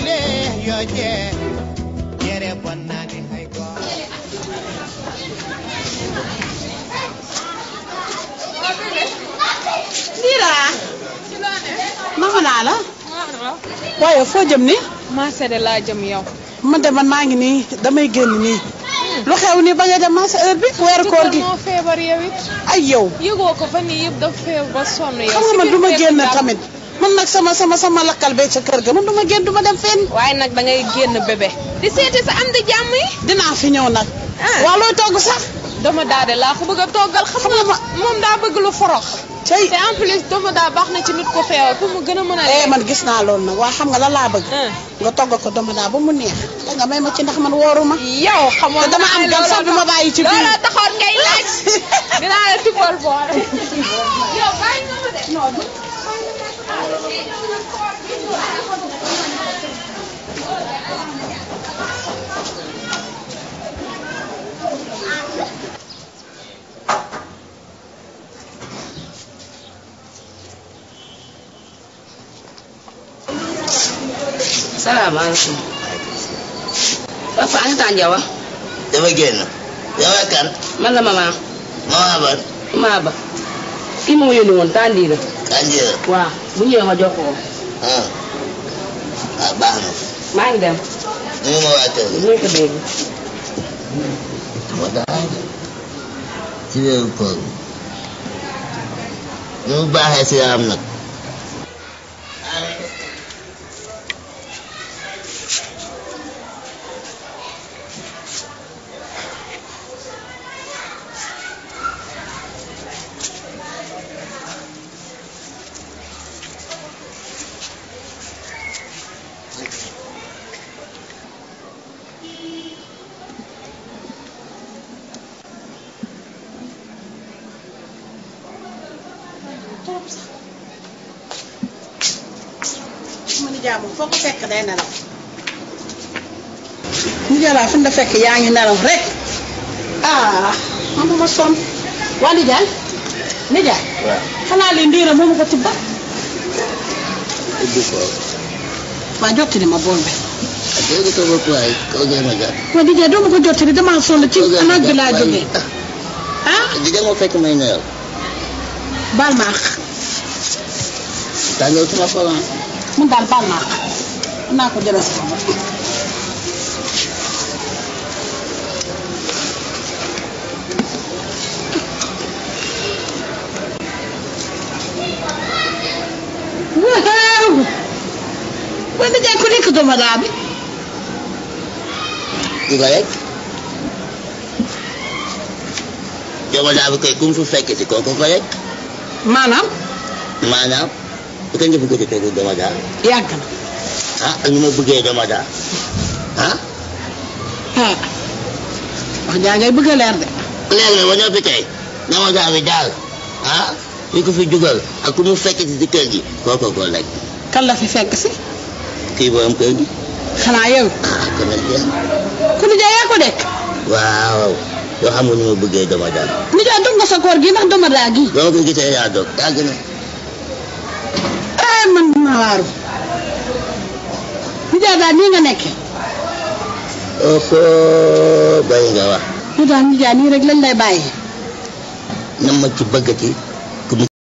yele yo je yere naa la waaye foo jëm ni marché de laa jëm yow man de maa ngi nii damay génn nii lu xew ni ba nga dem marché bi weeru koor gi yow ay yow yëgoo ko fan yii yëpp dafa feebar ba sonn yow xam nga man du génn tamit man nag sama sama sama lakkal be ca kër ga man du génn du ma dem fenn. waaye nag da ngay génn bébé. di seeti sa am di jàmm yi. dinaa fi ñëw nag. Ah. waaw looy togg sax. dama daa de laa ko bëgg a toggal xam nga bëgg lu forox. tey te en daa baax na ci nit ko feewal gën a mën a. Eh, man gis naa loolu nag waa xam nga lan laa bëgg. Ah. nga togg ko dama daa ba mu neex. da nga may ma ci ndax man wóoru ma. yow xamoo dama am gan bi ma bàyyi ci biir looloo taxoon ngay laaj. dinaa la tibbal boor. yow bàyyi Salaam alaikum. Papa an tànjawa. Dama génn. Yow kan. Man la mama. Mama ba. Mama ba. kii moo yónni woon tàndiira. tàndiira. waaw bu ñëwee ma jox ko ah, ah baax na. maa ngi dem. nu ma waa kër gi. ko dégg. moo ci weeru koor bi. nu mu si yaram nag. nopp sax ma foo ko fekk day nelaw mu jëlaa fu nda fekk yaa ngi nelaw rek ah man duma sonn waa nijaay nijaay xanaa li ndiira moomu ko tibba waa jottali ma bool bi ah, waa nijaay doo ma ko jottali dama sonn ci naaj bi laa ah. ah jigéen moo fekk may nelaw baal ma Daniel tu nak apa? Mudar panak. Nak aku jelas kamu. Wah, dia aku ni kudu que Ibarat. o madam aku kumfu fake itu kau kau Mana? maanaam kañ nga bëgg a jotee Domada. yàgg na. ah ak ma bëggee Domada ah. ah jaa ngay bëgg a leer de. leer na ba noppi tey Domada bi daal ah ñu ko fi jugal ak mu fekk si kër gi kooku lekk. kan la fi fekk si. kii boobu kër gi. xanaa yow. Ah, ku nu jaay yaa ko waaw. yoo xam nga ma bëggee Domada. nu jaay dog nga sa koor gi ndax Domada gi. doo ko gisee yaa dog yaa gën naa waaru ñu daal daal nii nga nekkee. Oh, bay nga wax. ñu daal ñu daal nii rek lañ lay bàyyi. na ma ci bëggati.